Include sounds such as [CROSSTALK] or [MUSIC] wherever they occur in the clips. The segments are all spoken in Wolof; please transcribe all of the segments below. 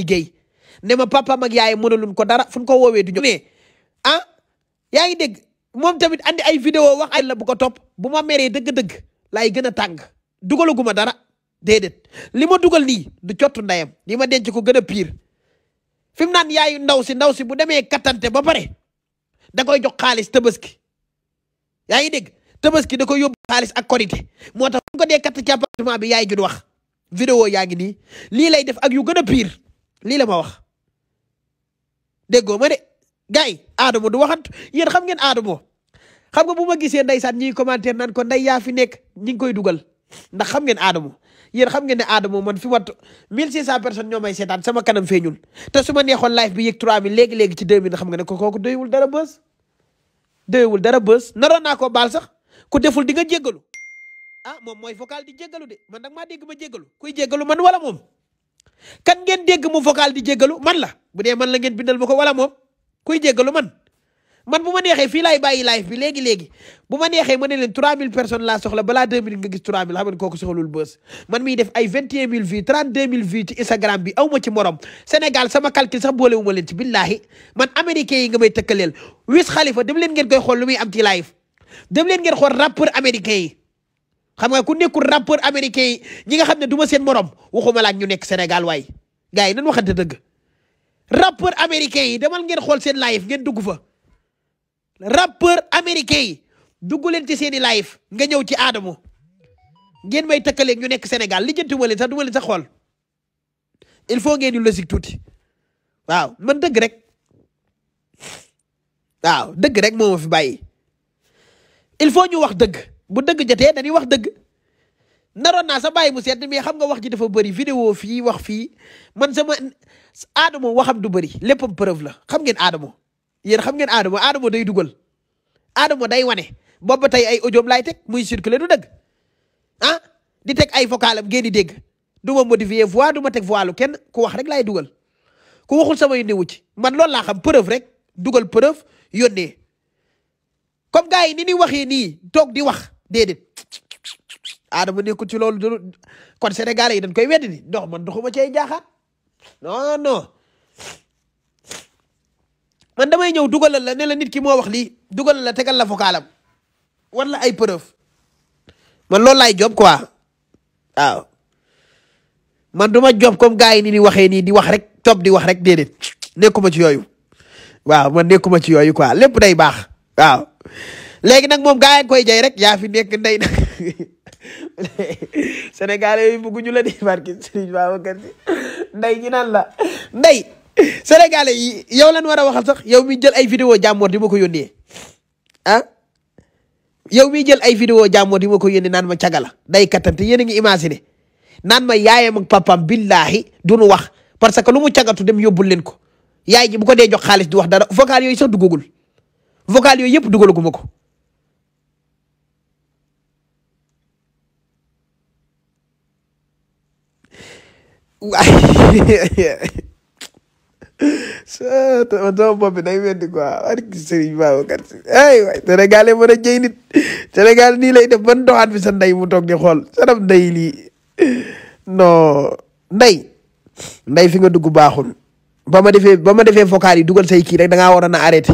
Faty Gueye ne ma papaam ak yaayam mënaluñ ko dara fu ñu ko woowee du ñu ne ah yaa ngi dégg moom tamit andi ay vidéo wax ay la bu ko topp bu ma meree dëgg-dëgg laay gën a tàng dugalaguma dara déedéet li ma dugal ni du cottu ndayam li ma denc ko gën a pire fi mu naan yaayu ndaw si ndaw si bu demee kattante ba pare da koy jox xaalis tabaski yaa ngi dégg tabaski da koy yob xaalis ak korité moo tax bu ko dee katt ci appartement bi wax vidéo yaa ngi nii lii lay def ak yu gën a lii la ma wax déggoo ma de gars yi Adamo du waxat yéen xam ngeen Adamo xam nga bu ma gisee ndeysaan ñiy commentaire naan ko nday yaa fi nekk ñi ngi koy dugal ndax xam ngeen Adamo yéen xam ngeen ne Adamo man fi wat 1600 personnes ñoo may seetaan sama kanam feeñul te su ma neexoon live bi yëg 3000 léegi léegi ci 2000 xam nga ne ko kooku doyewul dara bës. doyewul dara bës naroon naa koo baal sax ku deful di nga jéggalu ah moom mooy vocal di jéggalu de man nag maa dégg ma jéggalu kuy jéggalu man wala moom. kan ngeen dégg mu vocal di jéggalu man la bu dee man la ngeen bindal ma ko wala moom kuy jéggalu man man bu ma neexee fii laay bàyyi live bi léegi léegi bu ma neexee ma ne leen 3000 personnes laa soxla balaa 2000 nga gis 3000 xam nga kooku soxlul bës man miy def ay 21000 vues 32000 vues ci Instagram bi aw ma ci morom Sénégal sama calcul sax boole wu leen ci billahi man américains yi nga may tëkkaleel Wiz Khalifa dem leen ngeen koy xool lu ngeen xool rappeur américains yi xam nga ku nekkul rappeur américain yi nga xam ne duma ma seen morom waxuma laak ñu nekk senegal waay gars yi nan waxante dëgg rappeur américain yi demal ngeen xool seen live ngeen dugg fa rappeur américain yi dugg leen ci seeni layif live nga ñëw ci Adamo ngeen may tëkkaleeg ñu nekk senegal li jëntu ma leen sax du ma leen sax xool il faut ngeen di logique tuuti waaw man dëgg rek waaw dëgg rek moo ma fi bàyyi il faut ñu wax dëgg bu dëgg jotee dañuy wax dëgg naroon naa sa bàyyi mu sedd mais xam nga wax ji dafa bëri vidéo fii wax fii man sama Adamo waxam du bëri léppam preuve la xam ngeen Adamo yéen xam ngeen Adamo Adamo day dugal Adamo day wane ba tey ay ojoom laay teg muy circulé du dëgg ah di teg ay vocalam ngeen di dégg du ma modifier voix du ma teg voix lu kenn ku wax rek laay dugal ku waxul samay néewu ci man loolu laa xam preuve rek dugal preuve yónnee comme gars yi ni ñuy waxee nii toog di wax. déedéet Adama nekkul ci loolu dul kon Sénégalais yi dañ koy weddi di dox man doxuma ci ay jaaxaat non damay ñëw dugalal la ne nit ki moo wax lii dugalal la tegal la fokaalam war la ay preuve man loolu laay job quoi waaw man du ma job comme gars yi ni ni waxee nii di wax rek topp di wax rek déedéet nekkuma ci yooyu waaw man nekkuma ci yooyu quoi lépp day baax waaw léegi nag moom gaa yaa koy jay rek yaa fi nekk ndey nag [LAUGHS] sénégalais yi bëgguñu la di [LAUGHS] barki Serigne Babacar ndey ñu naan la ndey sénégalais yi yow lan war a waxal sax yow mi jël ay vidéo jàmmoor di ma ko yónnee ah yow mi jël ay vidéo jàmmoor di ma ko yónnee naan ma cagala day kattante yéen a ngi imaginer naan ma yaayam ak papam billahi duñu wax parce que lu mu cagatu dem yóbbul leen ko yaay ji bu ko de jox xaalis du wax dara vocal yooyu sax duggagul vocal yooyu yëpp dugalaguma ko waaye sama bopp bi day weddi quoi barki Serigne Babacar Si ay waay Sénégal a jëy nit Sénégal nii lay def ban doxaat bi sa ndey mu toog di xool sanam ndey lii non ndey ndey fi nga dugg baaxul ba ma defee ba ma defee vocal yi dugal say kii rek da ngaa waroon a arrêté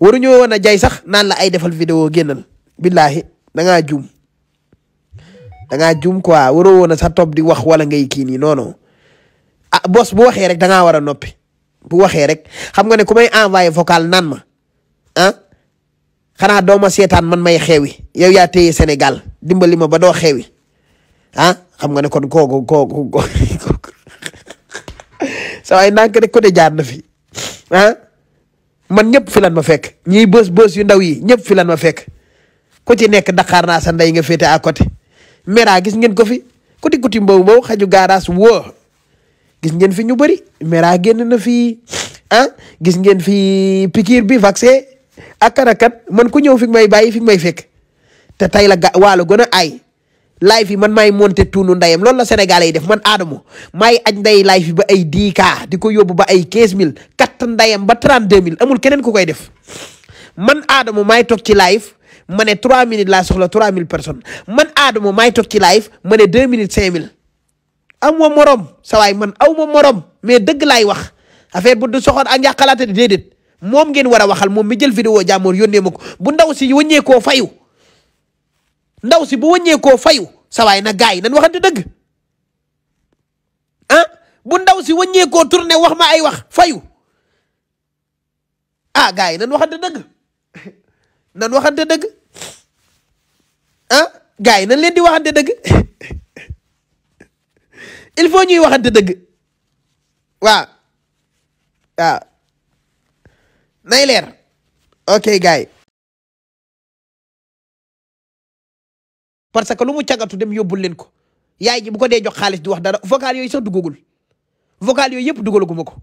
waruñoo woon a jay sax naan la ay defal vidéo génnal billahi da ngaa juum da ngaa juum quoi waroo woon a sa topp di wax wala ngay kii nii non a ah, bos bu waxee rek da ngaa war a noppi bu waxee rek xam nga ne ku may envoyé vocal naan ma ah xanaa doo ma seetaan man may xewi yow yaa téye Sénégal dimbali ma ba doo xewi ah xam nga ne kon kooku kooku kooku [LAUGHS] sa waay ndànk côté jaar na fi ah man ñëpp fi lan ma fekk ñiy bës bos yu ndaw yi ñëpp fi lan ma fekk ku ci nekk Dakar naa sa ndey nga féete à côté mera gis ngeen ko fi kuti kuti mbaw mbaw xaju gaaraas woo gis ngeen fi ñu bëri Mera génn na fi ah gis ngeen fi pikiir bi vaccin ak kan ak kan man ku ñëw fi may bàyyi fi may fekk te tey la ga waalo gën a aay live yi man maay monté tuunu ndayam loolu la sénégalais yi def man Adamo maay aj nday live yi ba ay 10K di ko yóbbu ba ay mille kat ndayam ba 32000 amul keneen ku koy def man Adamo maay toog ci live ma ne 3 minutes laa soxla 3000 personnes man Adamo maay toog ci live ma ne 2 minutes 5000. am ma morom sa man aw ma morom mais dëgg laay wax affaire bu du soxor ak njàqalaate déedéet moom ngeen war a waxal moom mi jël vidéo jàmmoor yónnee ma ko bu ndaw si wëññeekoo fayu ndaw si bu wëññeekoo fayu sa waay na gaay nan waxante dëgg ah, ndaw si wëññeekoo tourné wax ma wax fayu ah yi nan waxante dëgg nan ah gaay yi nan leen di waxante dëgg [LAUGHS] il faut ñuy waxante dëgg waaw nay leer ok gars yi lu mu cagatu dem yóbbul leen ko yaay ji ko dee jox du wax dara vocal yooyu sax duggagul yooyu yëpp dugalaguma ko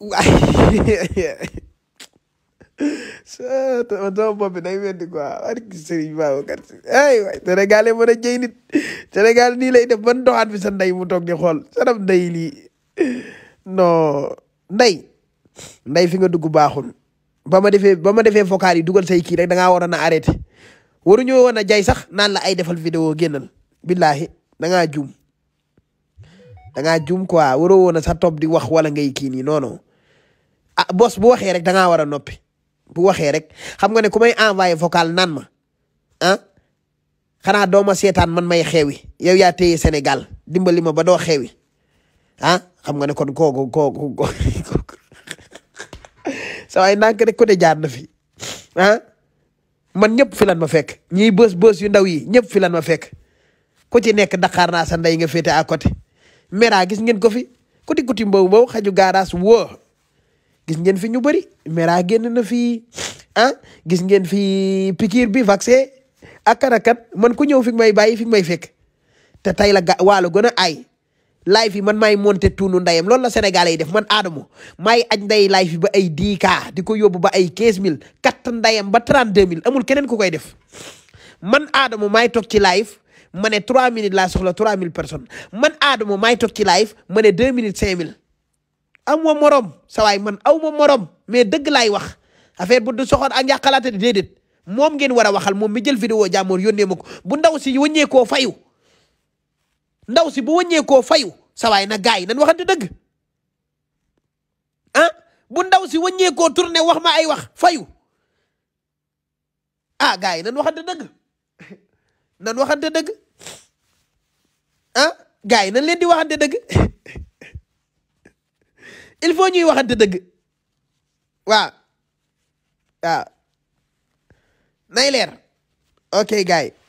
[LAUGHS] sa bopp bi day weddi quoi barki Serigne a jëy nit Sénégal nii lay def ban doxaat bi sa ndey mu toog di xool sanam ndey lii non ndey ndey fi nga dugg baaxul ba ma defee ba ma defee vocal yi dugal say kii rek da ngaa waroon a arrêté waruñoo woon a jay sax naan la ay defal vidéo génnal billahi da ngaa juum da ngaa juum quoi waroo woon sa topp di wax wala ngay kii nii non non ah bos bu waxee rek da ngaa war a noppi bu waxee rek xam nga ne ku may envoyé vocal naan ma ah xanaa doo ma seetaan man may xewi yow yaa téye Sénégal dimbali ma ba doo xewi ah xam nga ne kon kooku kooku kooku [LAUGHS] sa waay ndànk rek ku ne jaar na fi ah man ñëpp fi lan ma fekk ñii bës bës yu ndaw yi ñëpp fi lan ma fekk ku nekk Dakar naa sa ndey nga féete à côté mera gis ngeen ko fi kuti kuti mbaw mbaw xaju gaaraas woo gis ngeen fi ñu bëri Mera génn na fi ah gis ngeen fi pikiir bi vaccin ak kan ak kan man ku ñëw fi may bàyyi fi may fekk te tey la ga waalo gën a aay live yi man maay monté tuunu ndayam loolu la Sénégalais yi def man Adamo maay aj nday live yi ba ay 10 di ko yóbbu ba ay 15000 kat ndayam ba 32000 amul keneen ku koy def man Adamo maay toog ci live ma ne 3 minutes laa soxla 3000 personnes man Adamo maay toog ci live ma ne 2 minutes 5000. am ma morom sa man aw ma morom mais dëgg laay wax affaire bu du soxor ak yàqalaate déedéet moom ngeen war a waxal moom mi jël vidéo jàmmoor yónnee ma ko bu ndaw si wëññeekoo fayu ndaw si bu wëññeekoo fayu sa waay na gaay nan waxante dëgg ah ndaw si wëññeekoo tourné wax ma ay wax fayu ah gaay yi nan waxante dëgg dëgg ah yi nan leen di waxante dëgg [LAUGHS] il faut ñuy waxante dëgg waaw waaw nay ok gars